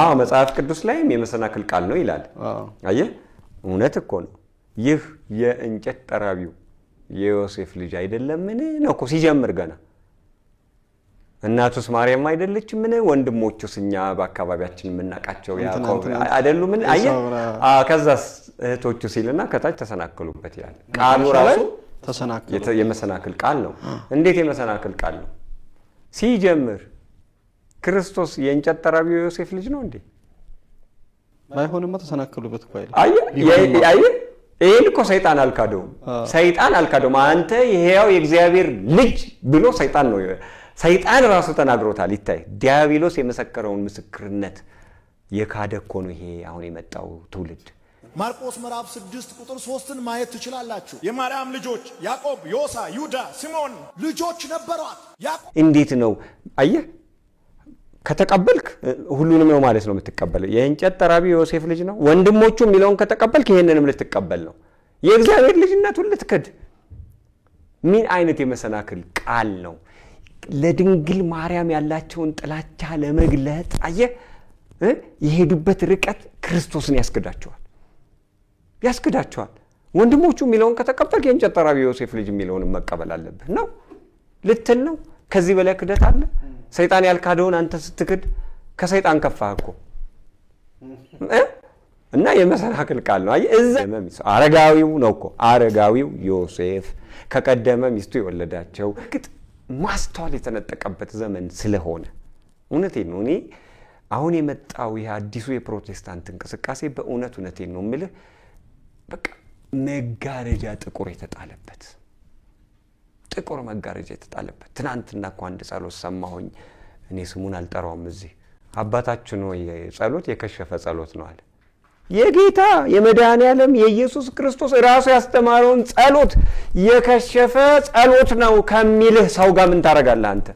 አዎ መጽሐፍ ቅዱስ ላይም የመሰናክል ቃል ነው ይላል። አየህ እውነት እኮ ነው። ይህ የእንጨት ጠራቢው የዮሴፍ ልጅ አይደለምን ነው እኮ ሲጀምር ገና እናቱስ ማርያም አይደለች ምን ወንድሞቹስ እኛ በአካባቢያችን የምናውቃቸው ምን አየህ ከዛስ እህቶቹ ሲልና ከታች ተሰናክሉበት ይላል። ቃሉ ራሱ የመሰናክል ቃል ነው። እንዴት የመሰናክል ቃል ነው ሲጀምር ክርስቶስ የእንጨት ጠራቢው ዮሴፍ ልጅ ነው እንዴ? ባይሆንማ ተሰናከሉበት እኮ አይደል? ይህን እኮ ሰይጣን አልካደውም። ሰይጣን አልካደውም። አንተ የሕያው የእግዚአብሔር ልጅ ብሎ ሰይጣን ነው ሰይጣን ራሱ ተናግሮታል። ይታይ ዲያብሎስ የመሰከረውን ምስክርነት የካደ እኮ ነው ይሄ አሁን የመጣው ትውልድ። ማርቆስ ምዕራፍ ስድስት ቁጥር ሶስትን ማየት ትችላላችሁ። የማርያም ልጆች ያዕቆብ፣ ዮሳ፣ ይሁዳ፣ ሲሞን ልጆች ነበሯት። እንዴት ነው አየህ ከተቀበልክ ሁሉንም ነው ማለት ነው የምትቀበለው። የእንጨት ተራቢ የዮሴፍ ልጅ ነው ወንድሞቹ የሚለውን ከተቀበልክ ይህንንም ልትቀበል ነው። የእግዚአብሔር ልጅነቱን ልትክድ። ምን አይነት የመሰናክል ቃል ነው! ለድንግል ማርያም ያላቸውን ጥላቻ ለመግለጥ አየ የሄዱበት ርቀት ክርስቶስን ያስክዳቸዋል ያስክዳቸዋል። ወንድሞቹ የሚለውን ከተቀበልክ የእንጨት ተራቢ የዮሴፍ ልጅ የሚለውን መቀበል አለብህ ነው ልትል ነው። ከዚህ በላይ ክደት አለ? ሰይጣን ያልካደውን አንተ ስትክድ ከሰይጣን ከፋ እኮ እና የመሰናክል ቃል ነው። እዛ አረጋዊው ነው እኮ አረጋዊው ዮሴፍ ከቀደመ ሚስቱ የወለዳቸው ግጥ ማስተዋል የተነጠቀበት ዘመን ስለሆነ እውነቴ ነው። እኔ አሁን የመጣው ይህ አዲሱ የፕሮቴስታንት እንቅስቃሴ በእውነት እውነቴ ነው የምልህ በቃ መጋረጃ ጥቁር የተጣለበት ጥቁር መጋረጃ የተጣለበት ትናንትና እኮ አንድ ጸሎት ሰማሁኝ። እኔ ስሙን አልጠራውም። እዚህ አባታችን ወይ ጸሎት የከሸፈ ጸሎት ነው አለ። የጌታ የመድኃኔ ዓለም የኢየሱስ ክርስቶስ ራሱ ያስተማረውን ጸሎት የከሸፈ ጸሎት ነው ከሚልህ ሰው ጋር ምን ታደርጋለህ አንተ?